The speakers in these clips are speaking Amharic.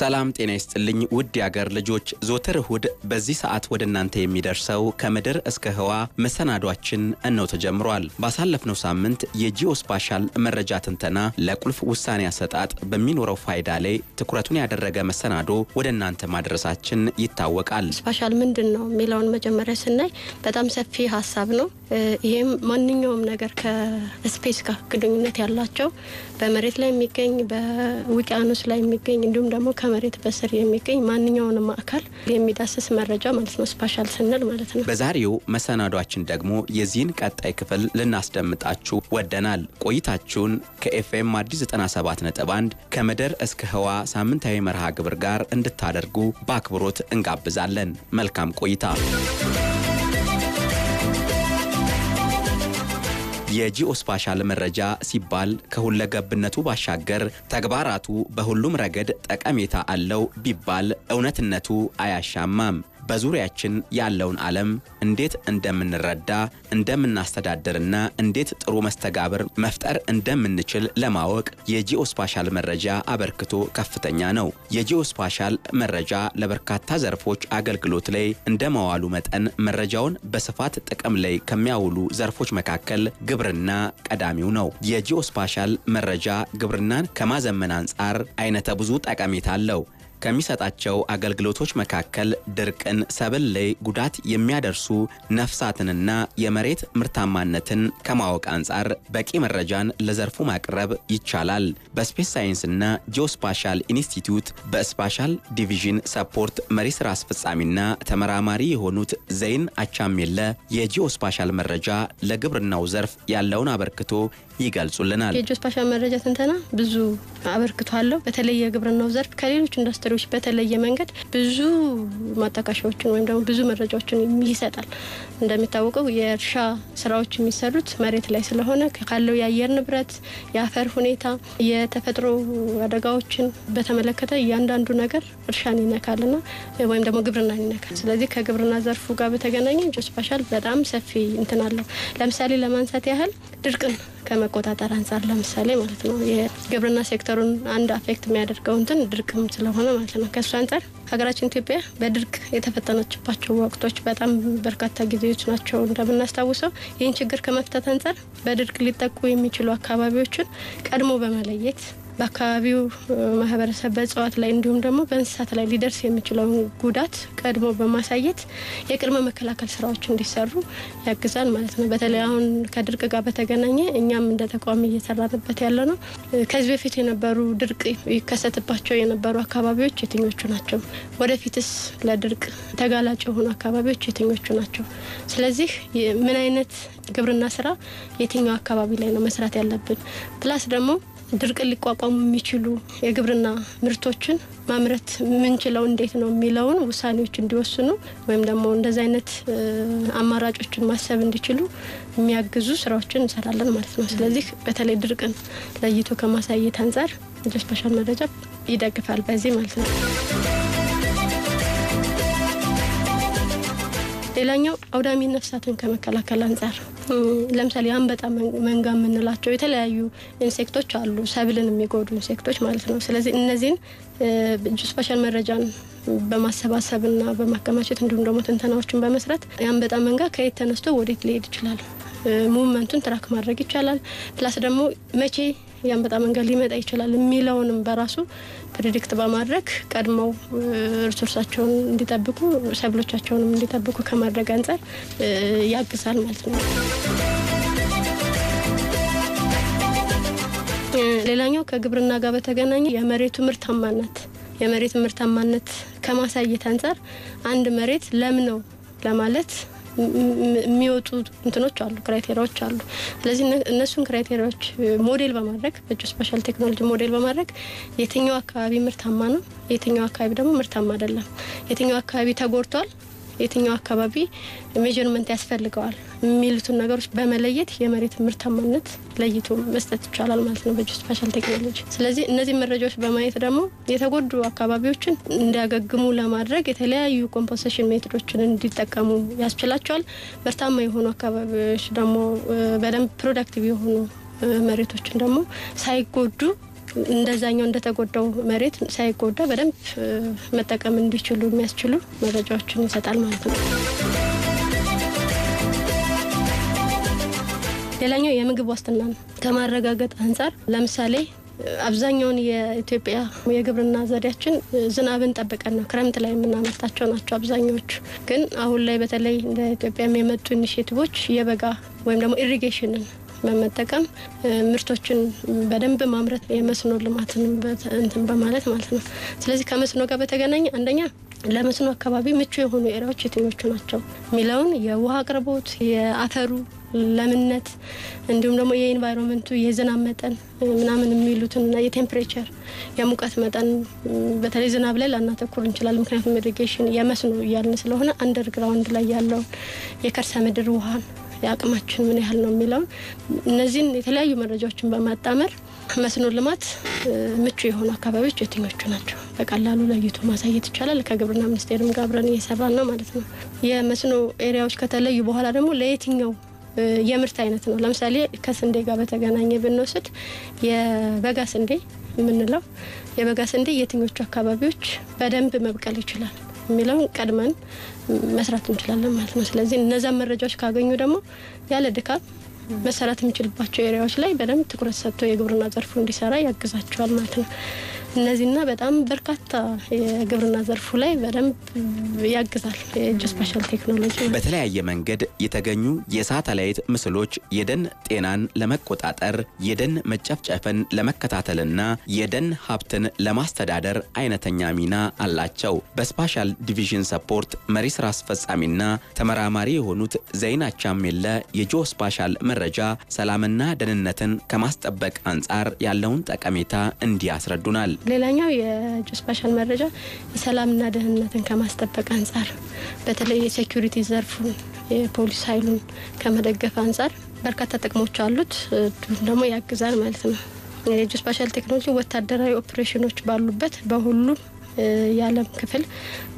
ሰላም ጤና ይስጥልኝ ውድ የአገር ልጆች፣ ዞትር እሁድ በዚህ ሰዓት ወደ እናንተ የሚደርሰው ከምድር እስከ ህዋ መሰናዷችን እነው ተጀምሯል። ባሳለፍነው ሳምንት የጂኦስፓሻል መረጃ ትንተና ለቁልፍ ውሳኔ አሰጣጥ በሚኖረው ፋይዳ ላይ ትኩረቱን ያደረገ መሰናዶ ወደ እናንተ ማድረሳችን ይታወቃል። ስፓሻል ምንድን ነው የሚለውን መጀመሪያ ስናይ በጣም ሰፊ ሀሳብ ነው። ይህም ማንኛውም ነገር ከስፔስ ጋር ግንኙነት ያላቸው በመሬት ላይ የሚገኝ በውቅያኖስ ላይ የሚገኝ እንዲሁም ደግሞ ከመሬት በስር የሚገኝ ማንኛውንም አካል የሚዳስስ መረጃ ማለት ነው፣ ስፓሻል ስንል ማለት ነው። በዛሬው መሰናዷችን ደግሞ የዚህን ቀጣይ ክፍል ልናስደምጣችሁ ወደናል። ቆይታችሁን ከኤፍኤም አዲስ ዘ97 ነባ1 ከመደር እስከ ህዋ ሳምንታዊ መርሃ ግብር ጋር እንድታደርጉ በአክብሮት እንጋብዛለን። መልካም ቆይታ የጂኦስፓሻል መረጃ ሲባል ከሁለገብነቱ ባሻገር ተግባራቱ በሁሉም ረገድ ጠቀሜታ አለው ቢባል እውነትነቱ አያሻማም። በዙሪያችን ያለውን ዓለም እንዴት እንደምንረዳ እንደምናስተዳድርና እንዴት ጥሩ መስተጋብር መፍጠር እንደምንችል ለማወቅ የጂኦስፓሻል መረጃ አበርክቶ ከፍተኛ ነው። የጂኦስፓሻል መረጃ ለበርካታ ዘርፎች አገልግሎት ላይ እንደመዋሉ መጠን መረጃውን በስፋት ጥቅም ላይ ከሚያውሉ ዘርፎች መካከል ግብርና ቀዳሚው ነው። የጂኦስፓሻል መረጃ ግብርናን ከማዘመን አንጻር አይነተ ብዙ ጠቀሜታ አለው። ከሚሰጣቸው አገልግሎቶች መካከል ድርቅን፣ ሰብል ላይ ጉዳት የሚያደርሱ ነፍሳትንና የመሬት ምርታማነትን ከማወቅ አንጻር በቂ መረጃን ለዘርፉ ማቅረብ ይቻላል። በስፔስ ሳይንስና ጂኦስፓሻል ኢንስቲትዩት በስፓሻል ዲቪዥን ሰፖርት መሪ ስራ አስፈጻሚና ተመራማሪ የሆኑት ዘይን አቻሜለ የጂኦስፓሻል መረጃ ለግብርናው ዘርፍ ያለውን አበርክቶ ይገልጹልናል። የጂኦስፓሻል መረጃ ትንተና ብዙ አበርክቶ አለው። በተለይ የግብርናው ዘርፍ ከሌሎች ኢንዱስትሪ ሚኒስትሮች በተለየ መንገድ ብዙ ማጣቀሻዎችን ወይም ደግሞ ብዙ መረጃዎችን ይሰጣል። እንደሚታወቀው የእርሻ ስራዎች የሚሰሩት መሬት ላይ ስለሆነ ካለው የአየር ንብረት፣ የአፈር ሁኔታ፣ የተፈጥሮ አደጋዎችን በተመለከተ እያንዳንዱ ነገር እርሻን ይነካልና ወይም ደግሞ ግብርናን ይነካል። ስለዚህ ከግብርና ዘርፉ ጋር በተገናኘ ጆስፓሻል በጣም ሰፊ እንትን አለው። ለምሳሌ ለማንሳት ያህል ድርቅን ከመቆጣጠር አንጻር ለምሳሌ ማለት ነው የግብርና ሴክተሩን አንድ አፌክት የሚያደርገው እንትን ድርቅም ስለሆነ ማለት ነው። ከእሱ አንጻር ሀገራችን ኢትዮጵያ በድርቅ የተፈተነችባቸው ወቅቶች በጣም በርካታ ጊዜዎች ናቸው። እንደምናስታውሰው ይህን ችግር ከመፍታት አንጻር በድርቅ ሊጠቁ የሚችሉ አካባቢዎችን ቀድሞ በመለየት በአካባቢው ማህበረሰብ በእጽዋት ላይ እንዲሁም ደግሞ በእንስሳት ላይ ሊደርስ የሚችለውን ጉዳት ቀድሞ በማሳየት የቅድመ መከላከል ስራዎች እንዲሰሩ ያግዛል ማለት ነው። በተለይ አሁን ከድርቅ ጋር በተገናኘ እኛም እንደ ተቋም እየሰራንበት ያለ ነው። ከዚህ በፊት የነበሩ ድርቅ ይከሰትባቸው የነበሩ አካባቢዎች የትኞቹ ናቸው? ወደፊትስ ለድርቅ ተጋላጭ የሆኑ አካባቢዎች የትኞቹ ናቸው? ስለዚህ ምን አይነት ግብርና ስራ የትኛው አካባቢ ላይ ነው መስራት ያለብን ፕላስ ደግሞ ድርቅን ሊቋቋሙ የሚችሉ የግብርና ምርቶችን ማምረት የምንችለው እንዴት ነው የሚለውን ውሳኔዎች እንዲወስኑ ወይም ደግሞ እንደዚህ አይነት አማራጮችን ማሰብ እንዲችሉ የሚያግዙ ስራዎችን እንሰራለን ማለት ነው። ስለዚህ በተለይ ድርቅን ለይቶ ከማሳየት አንጻር ስፔሻል መረጃ ይደግፋል በዚህ ማለት ነው። ሌላኛው አውዳሚ ነፍሳትን ከመከላከል አንጻር ለምሳሌ አንበጣ መንጋ የምንላቸው የተለያዩ ኢንሴክቶች አሉ፣ ሰብልን የሚጎዱ ኢንሴክቶች ማለት ነው። ስለዚህ እነዚህን ስፔሻል መረጃን በማሰባሰብና በማከማቸት እንዲሁም ደግሞ ትንተናዎችን በመስራት የአንበጣ መንጋ ከየት ተነስቶ ወዴት ሊሄድ ይችላል ሙቭመንቱን ትራክ ማድረግ ይቻላል። ፕላስ ደግሞ መቼ የአንበጣ መንጋል ሊመጣ ይችላል የሚለውንም በራሱ ፕሪዲክት በማድረግ ቀድመው ሪሶርሳቸውን እንዲጠብቁ፣ ሰብሎቻቸውንም እንዲጠብቁ ከማድረግ አንጻር ያግዛል ማለት ነው። ሌላኛው ከግብርና ጋር በተገናኘ የመሬቱ ምርታማነት የመሬት ምርታማነት ከማሳየት አንጻር አንድ መሬት ለም ነው ለማለት የሚወጡ እንትኖች አሉ፣ ክራይቴሪያዎች አሉ። ስለዚህ እነሱን ክራይቴሪያዎች ሞዴል በማድረግ በእጅ ስፔሻል ቴክኖሎጂ ሞዴል በማድረግ የትኛው አካባቢ ምርታማ ነው፣ የትኛው አካባቢ ደግሞ ምርታማ አይደለም፣ የትኛው አካባቢ ተጎድቷል፣ የትኛው አካባቢ ሜጀርመንት ያስፈልገዋል የሚሉትን ነገሮች በመለየት የመሬት ምርታማነት ለይቶ መስጠት ይቻላል ማለት ነው በጂኦስፓሻል ቴክኖሎጂ። ስለዚህ እነዚህ መረጃዎች በማየት ደግሞ የተጎዱ አካባቢዎችን እንዲያገግሙ ለማድረግ የተለያዩ ኮምፖሽን ሜቶዶችን እንዲጠቀሙ ያስችላቸዋል። ምርታማ የሆኑ አካባቢዎች ደግሞ በደንብ ፕሮዳክቲቭ የሆኑ መሬቶችን ደግሞ ሳይጎዱ እንደዛኛው እንደተጎዳው መሬት ሳይጎዳ በደንብ መጠቀም እንዲችሉ የሚያስችሉ መረጃዎችን ይሰጣል ማለት ነው። ሌላኛው የምግብ ዋስትና ነው። ከማረጋገጥ አንጻር ለምሳሌ አብዛኛውን የኢትዮጵያ የግብርና ዘዴያችን ዝናብን ጠብቀን ነው ክረምት ላይ የምናመርታቸው ናቸው አብዛኛዎቹ። ግን አሁን ላይ በተለይ እንደ ኢትዮጵያ የመጡ ኢኒሽቲቮች የበጋ ወይም ደግሞ ኢሪጌሽንን በመጠቀም ምርቶችን በደንብ ማምረት የመስኖ ልማትን እንትን በማለት ማለት ነው። ስለዚህ ከመስኖ ጋር በተገናኘ አንደኛ ለመስኖ አካባቢ ምቹ የሆኑ ኤሪያዎች የትኞቹ ናቸው የሚለውን የውሃ አቅርቦት፣ የአፈሩ ለምነት እንዲሁም ደግሞ የኢንቫይሮንመንቱ የዝናብ መጠን ምናምን እና የቴምፕሬቸር የሙቀት መጠን በተለይ ዝናብ ላይ ላናተኩር እንችላለን። ምክንያቱም ኢሪጌሽን የመስኖ እያልን ስለሆነ አንደርግራውንድ ላይ ያለውን የከርሰ ምድር ውሃን የአቅማችን ምን ያህል ነው የሚለውን እነዚህን የተለያዩ መረጃዎችን በማጣመር መስኖ ልማት ምቹ የሆኑ አካባቢዎች የትኞቹ ናቸው በቀላሉ ለይቶ ማሳየት ይቻላል። ከግብርና ሚኒስቴርም ጋር አብረን እየሰራን ነው ማለት ነው። የመስኖ ኤሪያዎች ከተለዩ በኋላ ደግሞ ለየትኛው የምርት አይነት ነው ለምሳሌ ከስንዴ ጋር በተገናኘ ብንወስድ የበጋ ስንዴ የምንለው የበጋ ስንዴ የትኞቹ አካባቢዎች በደንብ መብቀል ይችላል የሚለውን ቀድመን መስራት እንችላለን ማለት ነው። ስለዚህ እነዚያን መረጃዎች ካገኙ ደግሞ ያለ ድካም መሰራት የሚችልባቸው ኤሪያዎች ላይ በደንብ ትኩረት ሰጥቶ የግብርና ዘርፉ እንዲሰራ ያግዛቸዋል ማለት ነው። እነዚህና በጣም በርካታ የግብርና ዘርፉ ላይ በደንብ ያግዛል የእጅ ስፔሻል ቴክኖሎጂ። በተለያየ መንገድ የተገኙ የሳተላይት ምስሎች የደን ጤናን ለመቆጣጠር የደን መጨፍጨፍን ለመከታተልና የደን ሀብትን ለማስተዳደር አይነተኛ ሚና አላቸው። በስፓሻል ዲቪዥን ሰፖርት መሪ ስራ አስፈጻሚና ተመራማሪ የሆኑት ዘይናቻም የለ የጂኦ ስፓሻል መረጃ ሰላምና ደህንነትን ከማስጠበቅ አንጻር ያለውን ጠቀሜታ እንዲያስረዱናል። ሌላኛው የጁ ስፔሻል መረጃ የሰላምና ደህንነትን ከማስጠበቅ አንጻር በተለይ የሴኩሪቲ ዘርፉን የፖሊስ ኃይሉን ከመደገፍ አንጻር በርካታ ጥቅሞች አሉት። ደግሞ ያግዛል ማለት ነው። የጁ ስፔሻል ቴክኖሎጂ ወታደራዊ ኦፕሬሽኖች ባሉበት በሁሉም የዓለም ክፍል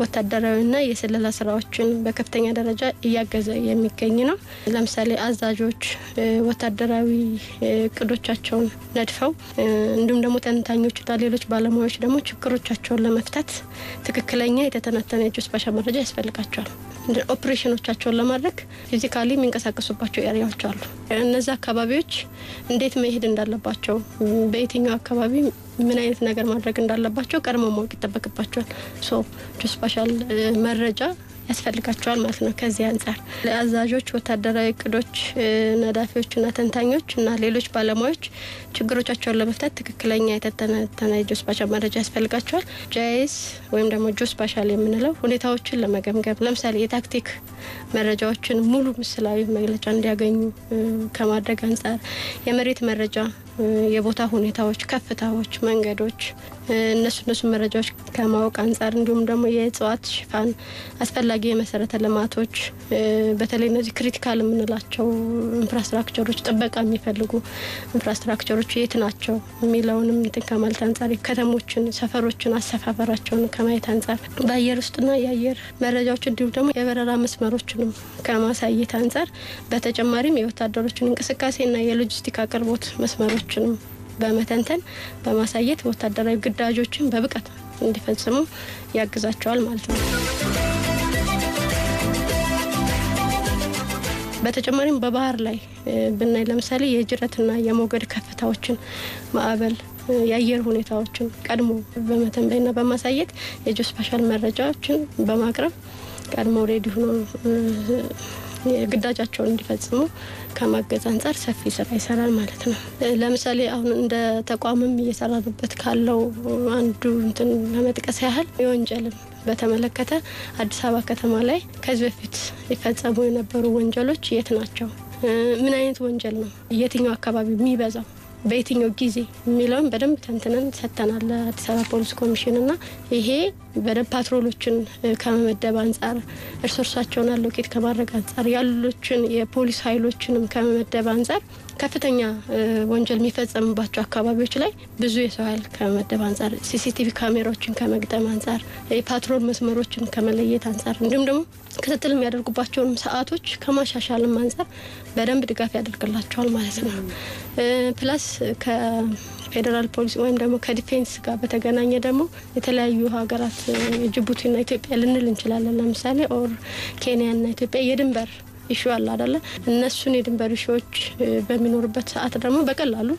ወታደራዊና የስለላ ስራዎችን በከፍተኛ ደረጃ እያገዘ የሚገኝ ነው። ለምሳሌ አዛዦች ወታደራዊ እቅዶቻቸውን ነድፈው እንዲሁም ደግሞ ተንታኞችና ሌሎች ባለሙያዎች ደግሞ ችግሮቻቸውን ለመፍታት ትክክለኛ የተተነተነ የእጅ ስፓሻ መረጃ ያስፈልጋቸዋል። ኦፕሬሽኖቻቸውን ለማድረግ ፊዚካሊ የሚንቀሳቀሱባቸው ኤሪያዎች አሉ። እነዚህ አካባቢዎች እንዴት መሄድ እንዳለባቸው በየትኛው አካባቢ ምን አይነት ነገር ማድረግ እንዳለባቸው ቀድሞ ማወቅ ይጠበቅባቸዋል። ሶ ስፔሻል መረጃ ያስፈልጋቸዋል ማለት ነው። ከዚህ አንጻር አዛዦች፣ ወታደራዊ እቅዶች ነዳፊዎችና ተንታኞች እና ሌሎች ባለሙያዎች ችግሮቻቸውን ለመፍታት ትክክለኛ የተተነተነ ጆስፓሻል መረጃ ያስፈልጋቸዋል። ጃይስ ወይም ደግሞ ጆስፓሻል የምንለው ሁኔታዎችን ለመገምገም ለምሳሌ የታክቲክ መረጃዎችን ሙሉ ምስላዊ መግለጫ እንዲያገኙ ከማድረግ አንጻር የመሬት መረጃ የቦታ ሁኔታዎች፣ ከፍታዎች፣ መንገዶች እነሱ እነሱ መረጃዎች ከማወቅ አንጻር እንዲሁም ደግሞ የእጽዋት ሽፋን አስፈላጊ የመሰረተ ልማቶች በተለይ እነዚህ ክሪቲካል የምንላቸው ኢንፍራስትራክቸሮች ጥበቃ የሚፈልጉ ኢንፍራስትራክቸሮች የት ናቸው የሚለውንም እንትን ከማለት አንጻር ከተሞችን፣ ሰፈሮችን አሰፋፈራቸውን ከማየት አንጻር በአየር ውስጥና የአየር መረጃዎች እንዲሁም ደግሞ የበረራ መስመሮችንም ከማሳየት አንጻር በተጨማሪም የወታደሮችን እንቅስቃሴና የሎጂስቲክ አቅርቦት መስመሮችንም በመተንተን በማሳየት ወታደራዊ ግዳጆችን በብቃት እንዲፈጽሙ ያግዛቸዋል ማለት ነው። በተጨማሪም በባህር ላይ ብናይ ለምሳሌ የጅረትና የሞገድ ከፍታዎችን፣ ማዕበል፣ የአየር ሁኔታዎችን ቀድሞ ና በማሳየት የጂኦስፓሻል መረጃዎችን በማቅረብ ቀድሞ ሬዲ ሆኖ ግዳጃቸውን እንዲፈጽሙ ከማገዝ አንጻር ሰፊ ስራ ይሰራል ማለት ነው። ለምሳሌ አሁን እንደ ተቋምም እየሰራንበት ካለው አንዱ እንትን ለመጥቀስ ያህል የወንጀልም በተመለከተ አዲስ አበባ ከተማ ላይ ከዚህ በፊት ይፈጸሙ የነበሩ ወንጀሎች የት ናቸው? ምን አይነት ወንጀል ነው? የትኛው አካባቢ የሚበዛው በየትኛው ጊዜ የሚለውን በደንብ ተንትነን ሰጥተናል ለአዲስ አበባ ፖሊስ ኮሚሽን እና ይሄ በደንብ ፓትሮሎችን ከመመደብ አንጻር እርስ እርሳቸውን አሎኬት ከማድረግ አንጻር ያሉችን የፖሊስ ኃይሎችንም ከመመደብ አንጻር ከፍተኛ ወንጀል የሚፈጸምባቸው አካባቢዎች ላይ ብዙ የሰው ኃይል ከመመደብ አንጻር፣ ሲሲቲቪ ካሜራዎችን ከመግጠም አንጻር፣ የፓትሮል መስመሮችን ከመለየት አንጻር እንዲሁም ደግሞ ክትትል የሚያደርጉባቸውን ሰዓቶች ከማሻሻልም አንጻር በደንብ ድጋፍ ያደርግላቸዋል ማለት ነው። ፕላስ ከፌዴራል ፖሊስ ወይም ደግሞ ከዲፌንስ ጋር በተገናኘ ደግሞ የተለያዩ ሀገራት ጅቡቲና ኢትዮጵያ ልንል እንችላለን። ለምሳሌ ኦር ኬንያና ኢትዮጵያ የድንበር ኢሹ አለ አደለ? እነሱን የድንበር ኢሹዎች በሚኖርበት ሰዓት ደግሞ በቀላሉ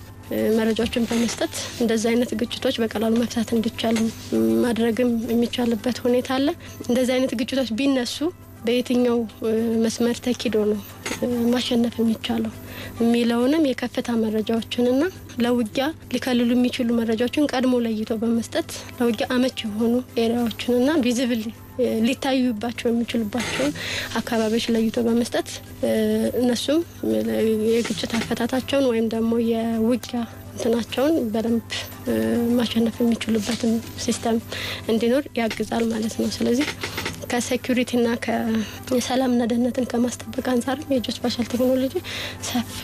መረጃዎችን በመስጠት እንደዚህ አይነት ግጭቶች በቀላሉ መፍታት እንዲቻል ማድረግም የሚቻልበት ሁኔታ አለ። እንደዚህ አይነት ግጭቶች ቢነሱ በየትኛው መስመር ተኪዶ ነው ማሸነፍ የሚቻለው የሚለውንም የከፍታ መረጃዎችንና ለውጊያ ሊከልሉ የሚችሉ መረጃዎችን ቀድሞ ለይቶ በመስጠት ለውጊያ አመች የሆኑ ኤሪያዎችንና ቪዚብል ሊታዩባቸው የሚችሉባቸውን አካባቢዎች ለይቶ በመስጠት እነሱም የግጭት አፈታታቸውን ወይም ደግሞ የውጊያ እንትናቸውን በደንብ ማሸነፍ የሚችሉበትን ሲስተም እንዲኖር ያግዛል ማለት ነው። ስለዚህ ከሴኩሪቲና ከሰላምና ደህንነትን ከማስጠበቅ አንጻርም የጆ ቴክኖሎጂ ሰፊ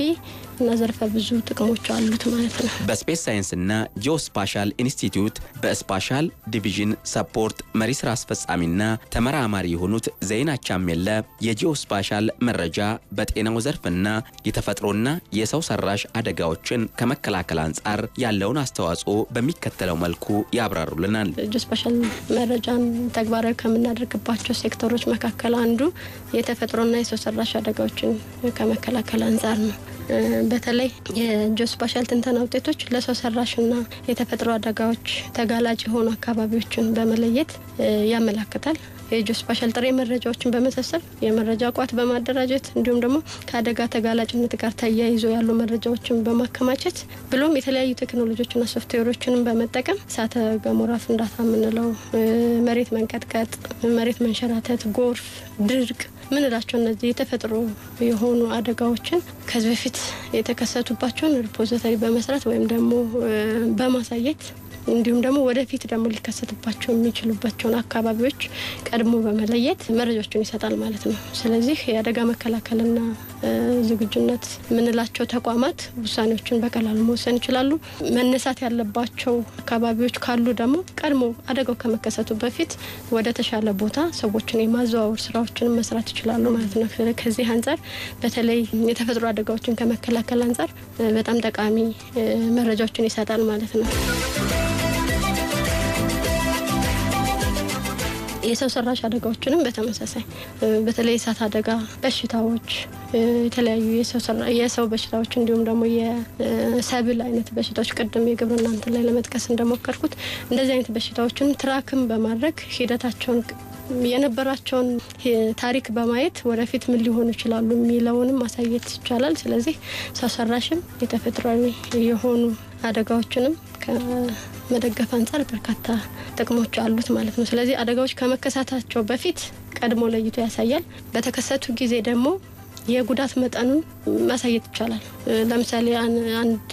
እና ዘርፈ ብዙ ጥቅሞች አሉት ማለት ነው። በስፔስ ሳይንስና ጂኦስፓሻል ኢንስቲትዩት በስፓሻል ዲቪዥን ሰፖርት መሪ ስራ አስፈጻሚና ተመራማሪ የሆኑት ዘይና ቻሜለ የጂኦስፓሻል መረጃ በጤናው ዘርፍና የተፈጥሮና የሰው ሰራሽ አደጋዎችን ከመከላከል አንጻር ያለውን አስተዋጽኦ በሚከተለው መልኩ ያብራሩልናል። ጂኦስፓሻል መረጃን ተግባራዊ ከምናደርግባቸው ሴክተሮች መካከል አንዱ የተፈጥሮና የሰው ሰራሽ አደጋዎችን ከመከላከል አንጻር ነው። በተለይ የጆ ስፓሻል ትንተና ውጤቶች ለሰው ሰራሽና የተፈጥሮ አደጋዎች ተጋላጭ የሆኑ አካባቢዎችን በመለየት ያመላክታል። የጆ ስፓሻል ጥሬ መረጃዎችን በመሰብሰብ የመረጃ ቋት በማደራጀት እንዲሁም ደግሞ ከአደጋ ተጋላጭነት ጋር ተያይዞ ያሉ መረጃዎችን በማከማቸት ብሎም የተለያዩ ቴክኖሎጂዎችና ሶፍትዌሮችንም በመጠቀም እሳተ ገሞራ ፍንዳታ የምንለው መሬት መንቀጥቀጥ፣ መሬት መንሸራተት፣ ጎርፍ፣ ድርቅ ምንላቸው እነዚህ የተፈጥሮ የሆኑ አደጋዎችን ከዚህ በፊት የተከሰቱባቸውን ሪፖዚተሪ በመስራት ወይም ደግሞ በማሳየት እንዲሁም ደግሞ ወደፊት ደግሞ ሊከሰትባቸው የሚችሉባቸውን አካባቢዎች ቀድሞ በመለየት መረጃዎችን ይሰጣል ማለት ነው። ስለዚህ የአደጋ መከላከልና ዝግጁነት የምንላቸው ተቋማት ውሳኔዎችን በቀላሉ መወሰን ይችላሉ። መነሳት ያለባቸው አካባቢዎች ካሉ ደግሞ ቀድሞ አደጋው ከመከሰቱ በፊት ወደ ተሻለ ቦታ ሰዎችን የማዘዋወር ስራዎችን መስራት ይችላሉ ማለት ነው። ከዚህ አንጻር በተለይ የተፈጥሮ አደጋዎችን ከመከላከል አንጻር በጣም ጠቃሚ መረጃዎችን ይሰጣል ማለት ነው። የሰው ሰራሽ አደጋዎችንም በተመሳሳይ በተለይ የእሳት አደጋ፣ በሽታዎች፣ የተለያዩ የሰው በሽታዎች እንዲሁም ደግሞ የሰብል አይነት በሽታዎች ቅድም የግብርና እንትን ላይ ለመጥቀስ እንደሞከርኩት እንደዚህ አይነት በሽታዎችን ትራክም በማድረግ ሂደታቸውን የነበራቸውን ታሪክ በማየት ወደፊት ምን ሊሆኑ ይችላሉ የሚለውንም ማሳየት ይቻላል። ስለዚህ ሰው ሰራሽም የተፈጥሯዊ የሆኑ አደጋዎችንም መደገፍ አንጻር በርካታ ጥቅሞች አሉት ማለት ነው። ስለዚህ አደጋዎች ከመከሰታቸው በፊት ቀድሞ ለይቶ ያሳያል። በተከሰቱ ጊዜ ደግሞ የጉዳት መጠኑን ማሳየት ይቻላል። ለምሳሌ አንድ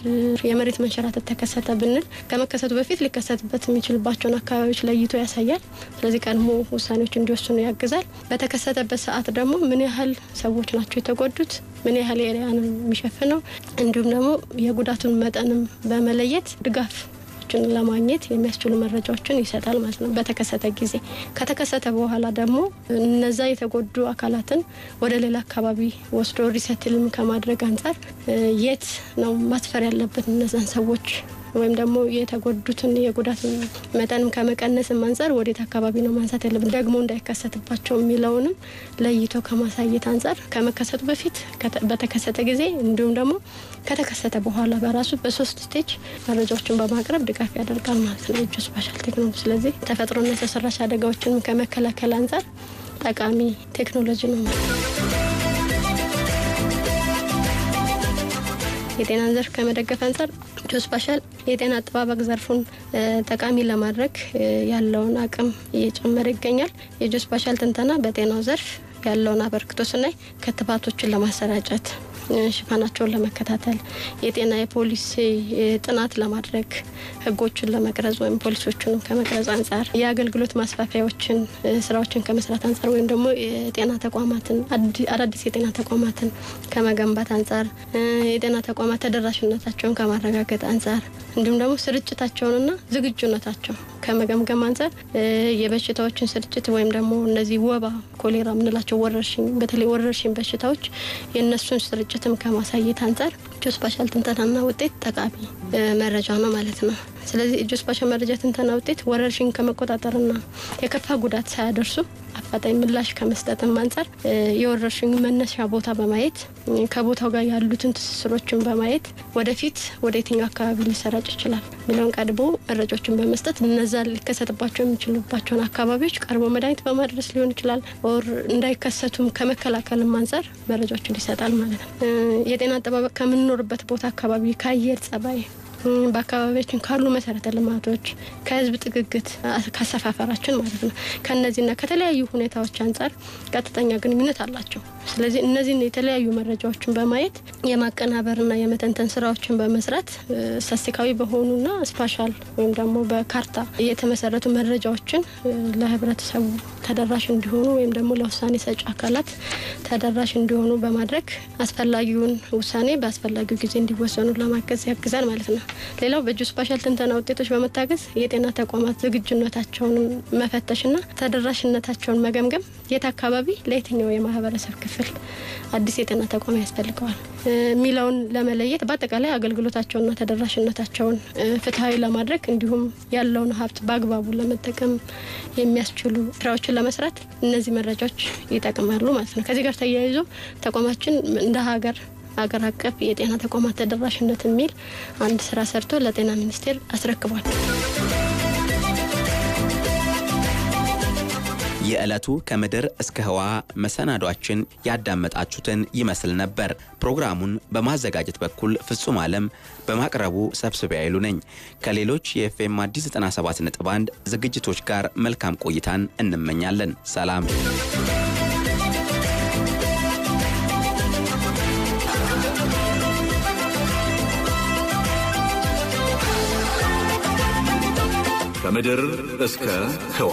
የመሬት መንሸራተት ተከሰተ ብንል ከመከሰቱ በፊት ሊከሰትበት የሚችልባቸውን አካባቢዎች ለይቶ ያሳያል። ስለዚህ ቀድሞ ውሳኔዎች እንዲወስኑ ያግዛል። በተከሰተበት ሰዓት ደግሞ ምን ያህል ሰዎች ናቸው የተጎዱት፣ ምን ያህል ኤሪያ ነው የሚሸፍነው፣ እንዲሁም ደግሞ የጉዳቱን መጠንም በመለየት ድጋፍ መረጃዎችን ለማግኘት የሚያስችሉ መረጃዎችን ይሰጣል ማለት ነው። በተከሰተ ጊዜ ከተከሰተ በኋላ ደግሞ እነዛ የተጎዱ አካላትን ወደ ሌላ አካባቢ ወስዶ ሪሰትልም ከማድረግ አንጻር የት ነው ማስፈር ያለበት እነዛን ሰዎች ወይም ደግሞ የተጎዱትን የጉዳት መጠንም ከመቀነስም አንጻር ወዴት አካባቢ ነው ማንሳት ያለብን ደግሞ እንዳይከሰትባቸው የሚለውንም ለይቶ ከማሳየት አንጻር ከመከሰቱ በፊት በተከሰተ ጊዜ እንዲሁም ደግሞ ከተከሰተ በኋላ በራሱ በሶስት ስቴጅ መረጃዎችን በማቅረብ ድጋፍ ያደርጋል ማለት ነው እጁ ስፓሻል ቴክኖሎጂ። ስለዚህ ተፈጥሮና ሰው ሰራሽ አደጋዎችንም ከመከላከል አንጻር ጠቃሚ ቴክኖሎጂ ነው። የጤና ዘርፍ ከመደገፍ አንጻር ጆስፓሻል የጤና አጠባበቅ ዘርፉን ጠቃሚ ለማድረግ ያለውን አቅም እየጨመረ ይገኛል። የጆስፓሻል ትንተና በጤናው ዘርፍ ያለውን አበርክቶ ስናይ ክትባቶችን ለማሰራጨት ሽፋናቸውን ለመከታተል የጤና የፖሊሲ ጥናት ለማድረግ ህጎቹን ለመቅረጽ ወይም ፖሊሲዎቹንም ከመቅረጽ አንጻር የአገልግሎት ማስፋፊያዎችን ስራዎችን ከመስራት አንጻር ወይም ደግሞ የጤና ተቋማትን አዳዲስ የጤና ተቋማትን ከመገንባት አንጻር የጤና ተቋማት ተደራሽነታቸውን ከማረጋገጥ አንጻር እንዲሁም ደግሞ ስርጭታቸውንና ዝግጁነታቸው ከመገምገም አንጻር የበሽታዎችን ስርጭት ወይም ደግሞ እነዚህ ወባ፣ ኮሌራ የምንላቸው ወረርሽኝ በተለይ ወረርሽኝ በሽታዎች የእነሱን ስርጭትም ከማሳየት አንጻር ጆስፓሻል ትንተናና ውጤት ጠቃሚ መረጃ ነው ማለት ነው። ስለዚህ ጆስፓሻል መረጃ ትንተና ውጤት ወረርሽኝ ከመቆጣጠርና የከፋ ጉዳት ሳያደርሱ አፋጣኝ ምላሽ ከመስጠትም አንጻር የወረርሽኙ መነሻ ቦታ በማየት ከቦታው ጋር ያሉትን ትስስሮችን በማየት ወደፊት ወደ የትኛው አካባቢ ሊሰራጭ ይችላል ብለውን ቀድሞ መረጃዎችን በመስጠት እነዛ ሊከሰትባቸው የሚችሉባቸውን አካባቢዎች ቀርቦ መድኃኒት በማድረስ ሊሆን ይችላል ር እንዳይከሰቱም ከመከላከልም አንጻር መረጃዎችን ይሰጣል ማለት ነው። የጤና አጠባበቅ ከምንኖርበት ቦታ አካባቢ ከአየር ጸባይ በአካባቢያችን ካሉ መሰረተ ልማቶች፣ ከህዝብ ጥግግት ካሰፋፈራችን ማለት ነው ከነዚህና ከተለያዩ ሁኔታዎች አንጻር ቀጥተኛ ግንኙነት አላቸው። ስለዚህ እነዚህን የተለያዩ መረጃዎችን በማየት የማቀናበርና የመተንተን ስራዎችን በመስራት ስታስቲካዊ በሆኑና ስፓሻል ወይም ደግሞ በካርታ የተመሰረቱ መረጃዎችን ለህብረተሰቡ ተደራሽ እንዲሆኑ ወይም ደግሞ ለውሳኔ ሰጪ አካላት ተደራሽ እንዲሆኑ በማድረግ አስፈላጊውን ውሳኔ በአስፈላጊው ጊዜ እንዲወሰኑ ለማገዝ ያግዛል ማለት ነው። ሌላው በእጁ ስፓሻል ትንተና ውጤቶች በመታገዝ የጤና ተቋማት ዝግጁነታቸውን መፈተሽና ተደራሽነታቸውን መገምገም የት አካባቢ ለየትኛው የማህበረሰብ ክፍል አዲስ የጤና ተቋም ያስፈልገዋል የሚለውን ለመለየት በአጠቃላይ አገልግሎታቸውንና ተደራሽነታቸውን ፍትሐዊ ለማድረግ እንዲሁም ያለውን ሀብት በአግባቡ ለመጠቀም የሚያስችሉ ስራዎችን ለመስራት እነዚህ መረጃዎች ይጠቅማሉ ማለት ነው። ከዚህ ጋር ተያይዞ ተቋማችን እንደ ሀገር ሀገር አቀፍ የጤና ተቋማት ተደራሽነት የሚል አንድ ስራ ሰርቶ ለጤና ሚኒስቴር አስረክቧል። የዕለቱ ከምድር እስከ ህዋ መሰናዷችን ያዳመጣችሁትን ይመስል ነበር። ፕሮግራሙን በማዘጋጀት በኩል ፍጹም ዓለም በማቅረቡ ሰብስቤ አይሉ ነኝ። ከሌሎች የኤፍኤም አዲስ 97 ነጥብ 1 ዝግጅቶች ጋር መልካም ቆይታን እንመኛለን። ሰላም። ከምድር እስከ ህዋ